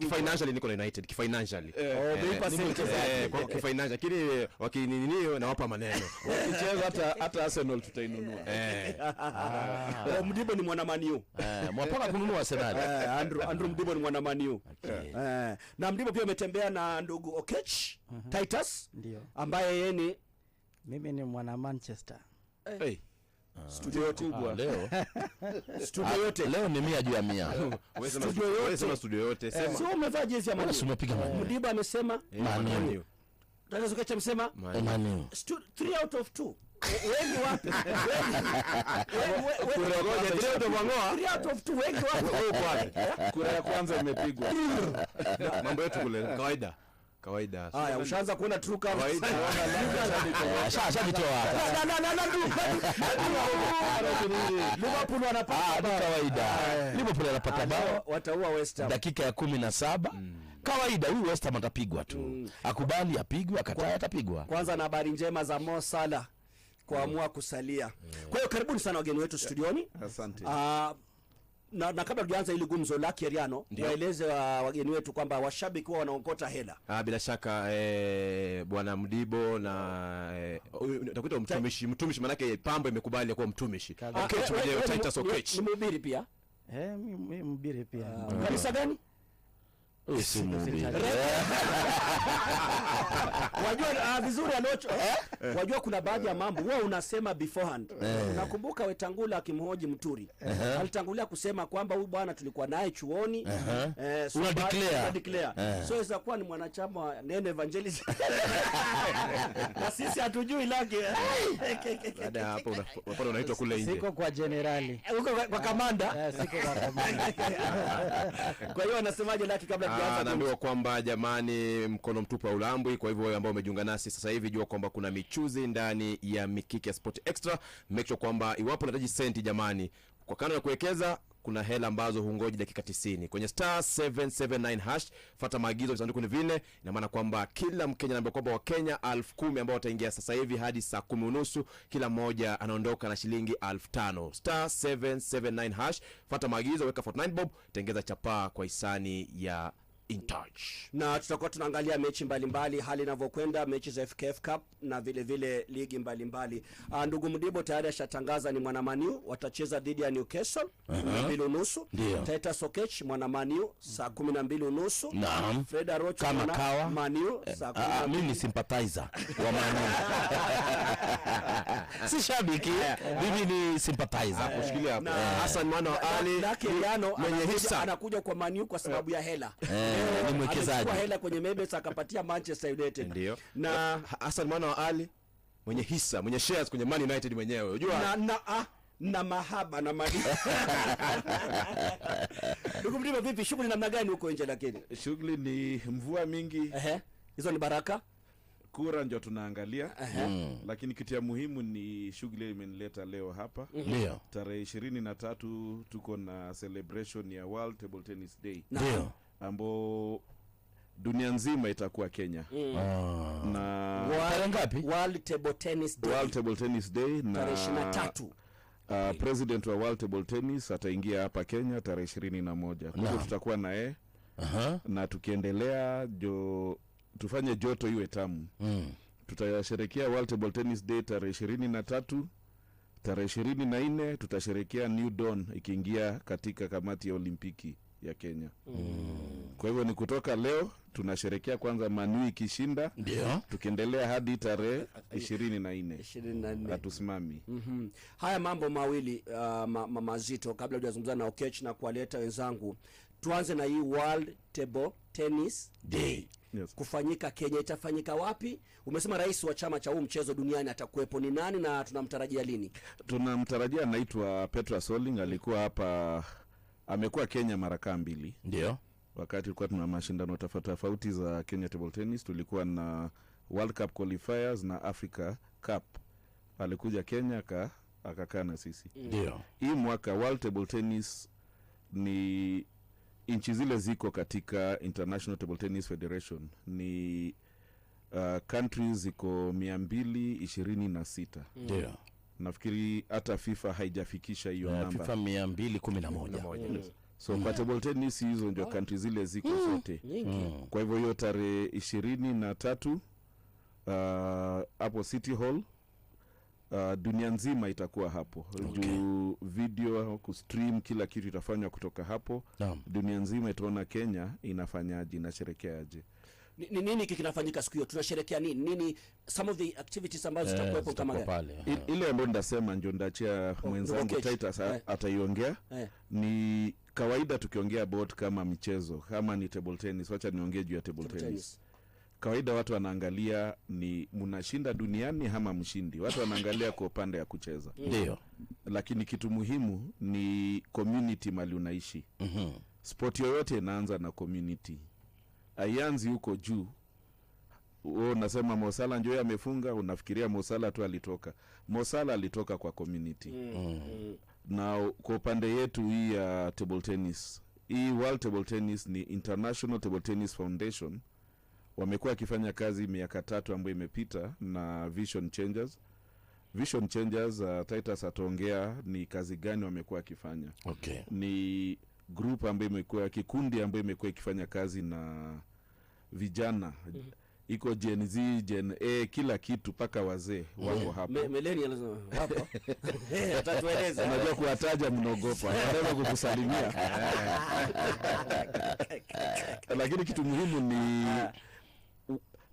kifinancially niko na United eh, oh, eh, kifinancially, lakini wakininio nawapa maneno ukicheza hata hata Arsenal tutainunua. eh ah. Ah. Mdibo ni mwana maniu eh, mwapaka kununua Arsenal. eh Andrew Andrew Mdibo ni mwana maniu na Mdibo pia umetembea na ndugu Okech mhm. Titus, ndio ambaye yeye ni mimi ni mwana Manchester. Hey studio yote kubwa ah, leo studio ah, yote leo ni mia juu ya mia studio yote sema studio yote eh, sema sio umevaa jezi ya umepiga eh. amesema eh, amesema 3 out of 2 wengi wapi? ya kwanza imepigwa. Mambo yetu kule kawaida kawaida. Haya, ah, ushaanza kuona true colors. wanapata kawaida. Liverpool wanapata ah, bao. Ah, wataua West Ham. Dakika ya 17. Mm. Kawaida huyu West Ham atapigwa tu. Mm. Akubali apigwe, akataa atapigwa. Kwanza na habari njema za Mo sala kuamua kusalia. Mm. Kwa hiyo karibuni sana wageni wetu studioni. Asante na, na kabla tujaanza hili gumzo la Kiariano, waeleze wa wageni wetu kwamba washabiki wao wanaokota hela. Ah, bila shaka eh, bwana Mdibo na eh, mtumishi mtumishi, manake pambo imekubali kuwa mtumishi eh, eh, Okech mwenyewe, Titus Okech mhubiri pia eh, mhubiri pia ah, kanisa gani? wajua ah, vizuri anocho eh? wajua kuna baadhi ya mambo huwa unasema beforehand eh. nakumbuka wetangula akimhoji mturi alitangulia kusema kwamba huyu bwana tulikuwa naye chuoni eh, eh. so weza kuwa ni mwanachama wa neno evangelis na sisi hatujui lake baada kwa jenerali huko ah. kwa kamanda kwa hiyo anasemaje laki kabla Ah, naambiwa kwamba jamani, mkono mtupu wa ulambwi. Kwa hivyo wewe ambao umejiunga nasi sasa hivi, jua kwamba kuna michuzi ndani ya Mikiki ya Sport Extra. Make sure kwamba iwapo unahitaji senti, jamani, kwa kando ya kuwekeza kuna hela ambazo hungoji dakika 90 kwenye star 779 hash. Fuata maagizo visanduku ni vinne. Ina maana kwamba kila Mkenya naambia kwamba Wakenya elfu kumi ambao wataingia sasa hivi hadi saa kumi unusu, kila mmoja anaondoka na shilingi elfu Star 779 hash, fuata maagizo, weka 49 bob, tengeza chapaa kwa hisani ya in touch. Na tutakuwa tunaangalia mechi mbalimbali mbali, hali inavyokwenda mechi za FKF Cup na vile vile ligi mbalimbali mbali. Ah, ndugu Mdibo tayari ashatangaza ni mwana manu watacheza dhidi ya Newcastle uh -huh. saa mbili unusu Taita Sokech mwanamaniu saa kumi na mbili unusu Naam. Freda Rocha mwana maniu saa 12 eh, ah, ah, mimi ni sympathizer wa maniu si shabiki eh, eh. mimi ni sympathizer ah, kushikilia hapo eh. Hassan mwana wa Ali mwenye hisa anakuja kwa Man U kwa sababu ya hela ni mwekezaji kwa hela kwenye Members akapatia Manchester United ndio na Hassan mwana wa Ali mwenye hisa mwenye shares kwenye Man United mwenyewe unajua na, na ah, na mahaba na mali. Ndugu Mlima, vipi shughuli namna gani huko nje? Lakini shughuli ni mvua mingi. Ehe, hizo ni baraka kura ndio tunaangalia uh -huh. Hmm. Hmm. Lakini kitu ya muhimu ni shughuli imenileta leo hapa uh -huh. Tarehe ishirini na tatu tuko na celebration ya World Table Tennis Day ambao dunia nzima itakuwa Kenya mm. ah. na tarehe ngapi? World Table Tennis Day, World Table Tennis Day na tarehe ishirini Uh, president wa World Table Tennis ataingia hapa Kenya tarehe ishirini na moja. Kwa hiyo tutakuwa naye na tukiendelea jo tufanye joto iwe tamu mm. tutasherekea World Tennis Day tarehe ishirini na tatu tarehe ishirini na nne tutasherekea New don ikiingia katika kamati ya Olimpiki ya Kenya mm. Kwa hivyo ni kutoka leo tunasherekea kwanza Manu ikishinda tukiendelea hadi tarehe ishirini na nne hatusimami. mm -hmm. Haya mambo mawili uh, ma, ma, mazito kabla ujazungumza na Okech na kuwaleta wenzangu, tuanze na hii World Table Tennis Day yes. kufanyika Kenya. Itafanyika wapi? Umesema rais wa chama cha huu mchezo duniani atakuwepo, ni nani na tunamtarajia lini? Tunamtarajia anaitwa petra soling alikuwa hapa, amekuwa Kenya mara kaa mbili, ndio wakati tulikuwa tuna mashindano tofauti za Kenya table tennis, tulikuwa na World Cup qualifiers na Africa Cup. Alikuja Kenya akakaa na sisi. Ndio hii mwaka World Table Tennis ni nchi zile ziko katika International Table Tennis Federation ni uh, countries ziko mia mbili ishirini na sita mm. ndio mm. Nafikiri hata FIFA haijafikisha hiyo eh, namba FIFA mia mbili kumi na moja mm. So yeah. Table tennis hizo ndio oh. country zile ziko mm. zote mm. mm. Kwa hivyo hiyo tarehe ishirini na tatu uh, hapo uh, City Hall uh, dunia nzima itakuwa hapo okay. juu video kustream kila kitu itafanywa kutoka hapo Naam. dunia nzima itaona Kenya inafanyaje inasherekeaje ni nini kinafanyika siku hiyo tunasherekea nini nini some of the activities ambazo yeah, zitakuwepo kama pale ile ambayo ndasema ndio ndachia oh, mwenzangu okay. Titus yeah. ataiongea yeah. ni kawaida tukiongea about kama michezo kama ni table tennis wacha niongee juu ya table, table tennis, tennis kawaida watu wanaangalia ni mnashinda duniani ama mshindi. Watu wanaangalia kwa upande ya kucheza ndio, lakini kitu muhimu ni community mali unaishi. mm-hmm. Sport yoyote inaanza na community, aianzi huko juu. Wewe unasema Mosala ndio amefunga, unafikiria Mosala tu alitoka. Mosala alitoka kwa community. mm-hmm. Na kwa upande yetu hii ya table tennis, hii World Table Tennis ni International Table Tennis Foundation wamekuwa wakifanya kazi miaka tatu ambayo imepita na Vision Changers. Vision Changers, uh, Titus ataongea ni kazi gani wamekuwa wakifanya. Okay. Ni group ambayo imekuwa kikundi ambayo imekuwa ikifanya kazi na vijana mm -hmm iko jnz jn A, kila kitu mpaka wazee mm-hmm. wako hapanajua kuwataja mnaogopa, anaweza kukusalimia lakini kitu muhimu ni ah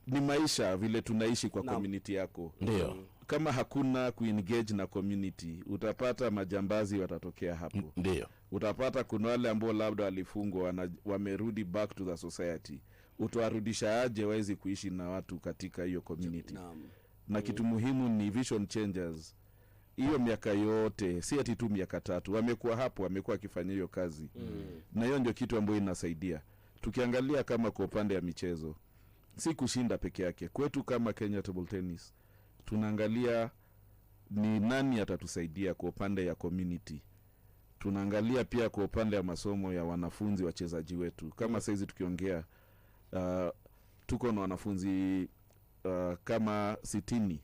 ni maisha vile tunaishi kwa community yako ndio mm. kama hakuna kuengage na community utapata majambazi watatokea hapo ndio utapata kuna wale ambao labda walifungwa wamerudi back to the society utawarudisha aje wawezi kuishi na watu katika hiyo community na, na kitu muhimu ni vision changers hiyo miaka yote si ati tu miaka tatu wamekuwa hapo wamekuwa wakifanya hiyo kazi mm. na hiyo ndio kitu ambayo inasaidia tukiangalia kama kwa upande ya michezo si kushinda peke yake. Kwetu kama Kenya Table Tennis tunaangalia ni nani atatusaidia kwa upande ya community tunaangalia pia kwa upande wa masomo ya wanafunzi wachezaji wetu. Kama saizi tukiongea, uh, tuko na wanafunzi uh, kama sitini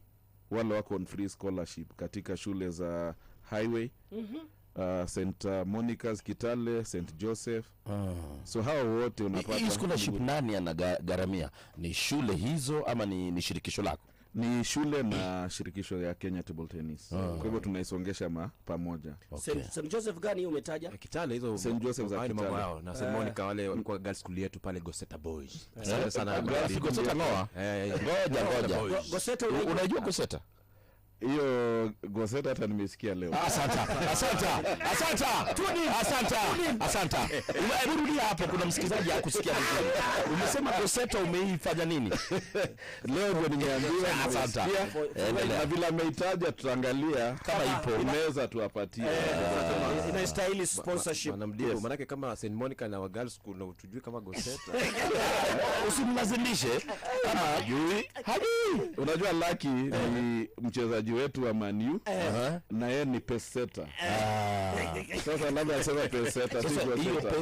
wale wako on free scholarship katika shule za highway mm -hmm uh, St uh, Monica's Kitale, St Joseph Oh. So hao wote unapata hii scholarship. Nani anagharamia? Ni shule hizo ama ni, ni shirikisho lako? Ni shule na shirikisho ya Kenya Table Tennis. Oh. Kwa hivyo tunaisongesha ma pamoja. Okay. St Joseph gani hiyo umetaja? Eh, Kitale hizo St Joseph za Kitale. Mama Wao na St eh. Monica wale walikuwa girls school yetu pale Goseta Boys. Eh. Asante sana. Goseta Noa. Ngoja ngoja. Goseta unajua Goseta? hiyo goseta hata nimesikia leo. Asanta, asanta, asanta, tuni, asanta, asanta. Rudia hapo, kuna msikilizaji akusikia vizuri. Umesema goseta umeifanya nini leo? Ndio nimeambiwa, asanta. Na vile ameitaja, tutaangalia kama ipo, inaweza tuwapatie, eh, inastahili sponsorship. Mwanamdiru, maanake kama St Monica na girls school na utujui kama goseta usimlazimishe kama hajui, hajui. Unajua Lucky ni mchezaji mchezaji wetu wa Manu eh. na yeye ni peseta eh. ah. sasa labda asema peseta,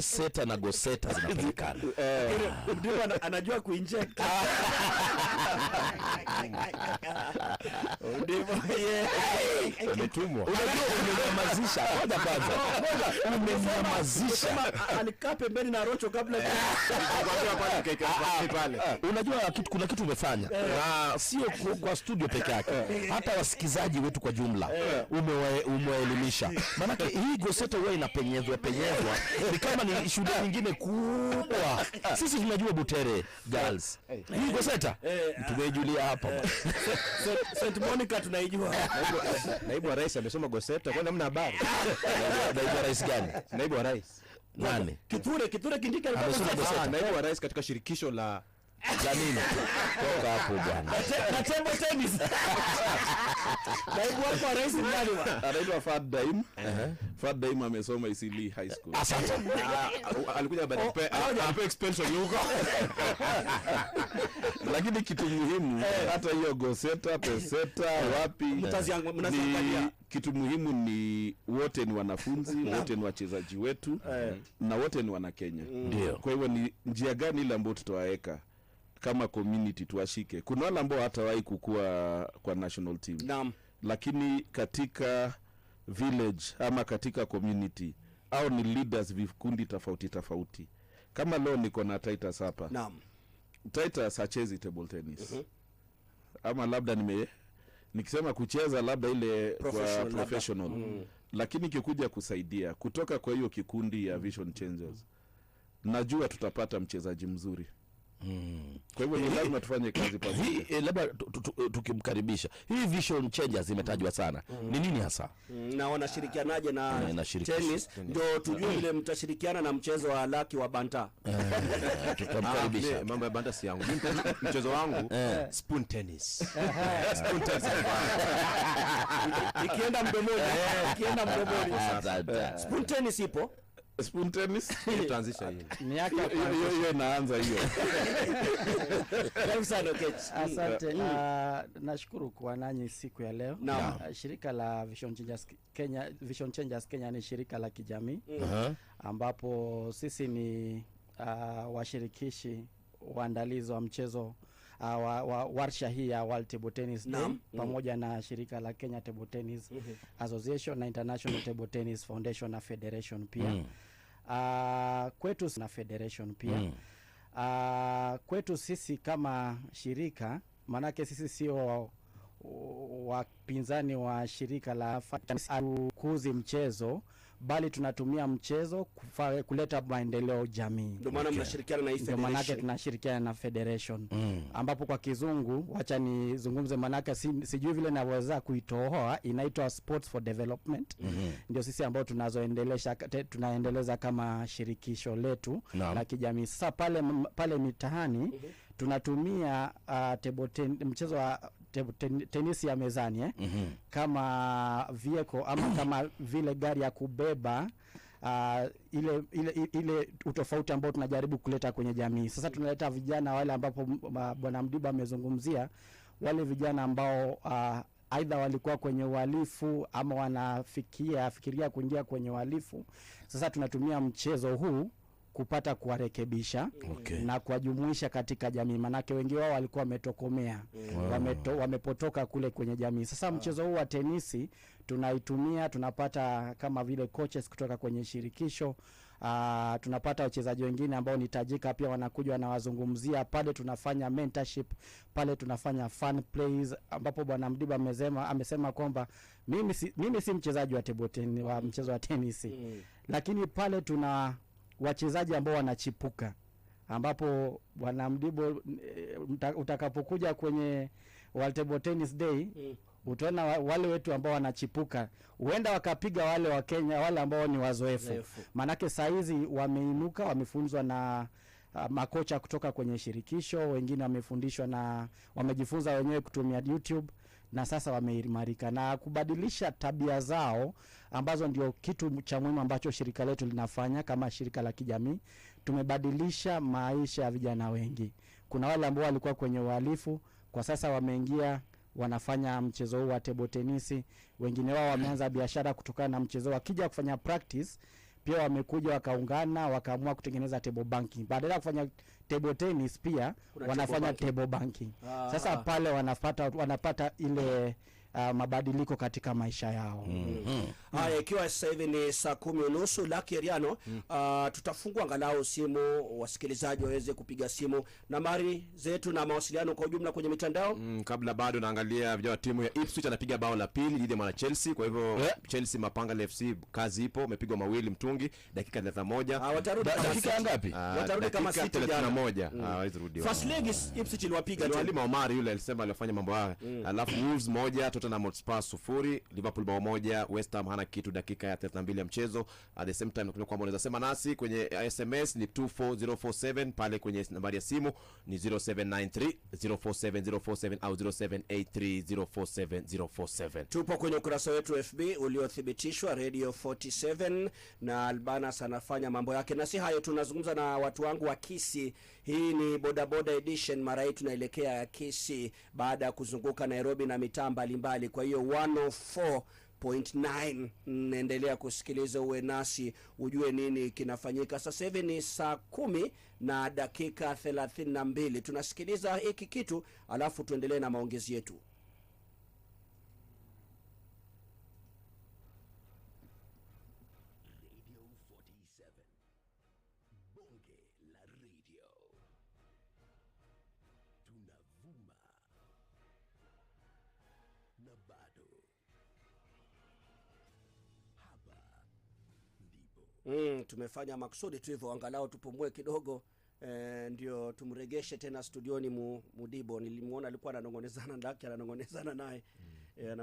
sasa na goseta zinapatikana eh. ndio anajua kuinject umetumwa, oh, Unajua kitu, kuna kitu umefanya eh. na sio kwa studio peke yake, eh. hata wasikizaji wetu kwa jumla eh. umewaelimisha, maanake hii gosete huwa inapenyezwa penyezwa ni kama ni shuhuda nyingine kubwa. Sisi tunajua Butere Girls hii goseta tunaijulia hapa eh. St Monica tunaijua. Naibu wa rais amesoma Goseta, kwani hamna habari? Naibu wa rais gani? Naibu wa rais nani? Kithure, Kithure Kindiki wa rais katika shirikisho la Janina. Toka hapo bwana. Na table naibu wako wa rais nani anaitwa Fad Daim. Fad Daim amesoma Isili High School. Asante. Ah, alikuja baada oh, oh, ya expansion huko. Lakini kitu muhimu eh. hata hiyo Goseta, Peseta, eh. wapi kitu muhimu ni wote ni wanafunzi wote ni wachezaji wetu eh. na wote ni Wanakenya. Mm. Kwa hivyo ni njia gani ile ambayo tutawaweka kama community tuwashike. Kuna wale ambao hatawahi kukua kwa national team. Naam. Lakini katika village ama katika community au ni leaders vikundi tofauti tofauti. Kama leo niko na Titus hapa. Naam. Titus achezi table tennis. Mm -hmm. Ama labda nime nikisema kucheza labda ile professional, kwa professional. labda. Mm. Lakini ikikuja kusaidia kutoka kwa hiyo kikundi ya mm. Vision Changers. Najua tutapata mchezaji mzuri. Mm. Kwa hivyo ni lazima tufanye kazi kwa hii E, labda eh, tukimkaribisha hii vision changers imetajwa sana mm. Ni nini hasa mm, na wanashirikianaje na, mm, na na tennis ndio mm. tujue ile mtashirikiana na mchezo wa laki wa banta eh, e, Ah, Mambo ya banta si yangu mchezo wangu spoon tennis spoon tennis ikienda mdomoni ikienda mdomoni spoon tennis ipo inaanza hiyo karibu sana asante uh, nashukuru kuwa nanyi siku ya leo no. uh, ah, shirika la Vision Changers Kenya Vision Changers Kenya ni shirika la kijamii mm. uh -huh. ambapo sisi ni uh, washirikishi waandalizi wa mchezo uh, wa, wa, warsha hii ya World Table Tennis Day mm -hmm. pamoja na shirika la Kenya Table Tennis mm -hmm. Association na International Table Tennis Foundation na Federation pia mm -hmm. uh, kwetu na Federation pia mm uh, kwetu sisi kama shirika maanake sisi sio wapinzani wa shirika la kukuzi mchezo bali tunatumia mchezo kufa, kuleta maendeleo jamii. Ndio maanake okay. na federation. Ndio tunashirikiana na federation mm. ambapo kwa kizungu, wacha nizungumze, maanake si, sijui vile naweza kuitoa, inaitwa sports for development mm -hmm. ndio sisi ambao tunazoendelesha tunaendeleza kama shirikisho letu no. la kijamii. Sasa pale pale mitaani mm -hmm. tunatumia uh, table ten, mchezo wa ten, tenisi ya mezani eh? mm -hmm. kama vieko ama kama vile gari ya kubeba Uh, ile, ile, ile utofauti ambao tunajaribu kuleta kwenye jamii sasa, tunaleta vijana wale ambapo Bwana Mdiba amezungumzia wale vijana ambao ah, aidha walikuwa kwenye uhalifu ama wanafikia fikiria kuingia kwenye uhalifu. Sasa tunatumia mchezo huu kupata kuwarekebisha okay. na kuwajumuisha katika jamii, manake wengi wao walikuwa wametokomea wow. wameto, wamepotoka kule kwenye jamii. Sasa wow. Ah. mchezo huu wa tenisi tunaitumia, tunapata kama vile coaches kutoka kwenye shirikisho Uh, tunapata wachezaji wengine ambao ni tajika pia wanakuja wanawazungumzia pale, tunafanya mentorship pale, tunafanya fun plays, ambapo bwana Mdiba amesema amesema kwamba mimi si, mimi si mchezaji wa table tennis, wa mchezo wa tenisi mm. lakini pale tuna wachezaji ambao wanachipuka ambapo Bwana Mdibo eh, utakapokuja kwenye waltebo Tennis Day mm. utaona wale wetu ambao wanachipuka, huenda wakapiga wale wa Kenya, wale ambao ni wazoefu, maanake sahizi hizi wameinuka, wamefunzwa na uh, makocha kutoka kwenye shirikisho, wengine wamefundishwa na wamejifunza wenyewe kutumia YouTube na sasa wameimarika na kubadilisha tabia zao, ambazo ndio kitu cha muhimu ambacho shirika letu linafanya kama shirika la kijamii. Tumebadilisha maisha ya vijana wengi. Kuna wale ambao walikuwa kwenye uhalifu, kwa sasa wameingia wanafanya mchezo huu wa table tenisi. Wengine wao wameanza biashara kutokana na mchezo, wakija kufanya practice pia wamekuja wakaungana wakaamua kutengeneza table banking. Badala ya kufanya table tennis pia Kuna wanafanya table banking, table banking. Ah, sasa ah. pale wanapata wanapata ile uh, mabadiliko katika maisha yao. mm -hmm. Haya, ikiwa sasa hivi ni saa kumi unusu laki mm -hmm. uh, tutafungua angalau simu wasikilizaji waweze kupiga simu nambari zetu na mawasiliano kwa ujumla kwenye mitandao mm, kabla bado naangalia vijana wa timu ya Ipswich anapiga bao la pili dhidi ya mwana Chelsea. Kwa hivyo yeah. Chelsea Mapanga FC kazi ipo, amepigwa mawili mtungi dakika 31. Ah, watarudi da, dakika ngapi? Ah, ah, watarudi kama 31. Mm. Ah, watarudi. First leg Ipswich iliwapiga tu. Mwalimu Omar yule alisema alifanya mambo haya. Mm. Alafu Wolves moja Tottenham Hotspur sufuri, Liverpool bao moja, West Ham hana kitu dakika ya 32 ya mchezo. At the same time nakumbuka kwamba unaweza sema nasi kwenye SMS ni 24047 pale kwenye nambari ya simu ni 0793 047047 au 0783 047047. Tupo kwenye ukurasa wetu FB uliothibitishwa Radio 47 na Albanas anafanya mambo yake, na si hayo, tunazungumza na watu wangu wa Kisi. Hii ni bodaboda edition, mara hii tunaelekea Kisi baada ya kuzunguka Nairobi na mitaa mbalimbali mbalimbali. Kwa hiyo 104.9 naendelea kusikiliza, uwe nasi ujue nini kinafanyika. Sasa hivi ni saa kumi na dakika 32. Tunasikiliza hiki kitu alafu tuendelee na maongezi yetu na bado hapa ndipo mm, tumefanya maksudi tu hivyo, angalau tupumue kidogo. Eh, ndio tumregeshe tena studioni mu, Mudibo. Nilimwona alikuwa ananong'onezana ndake ananong'onezana naye mm. eh,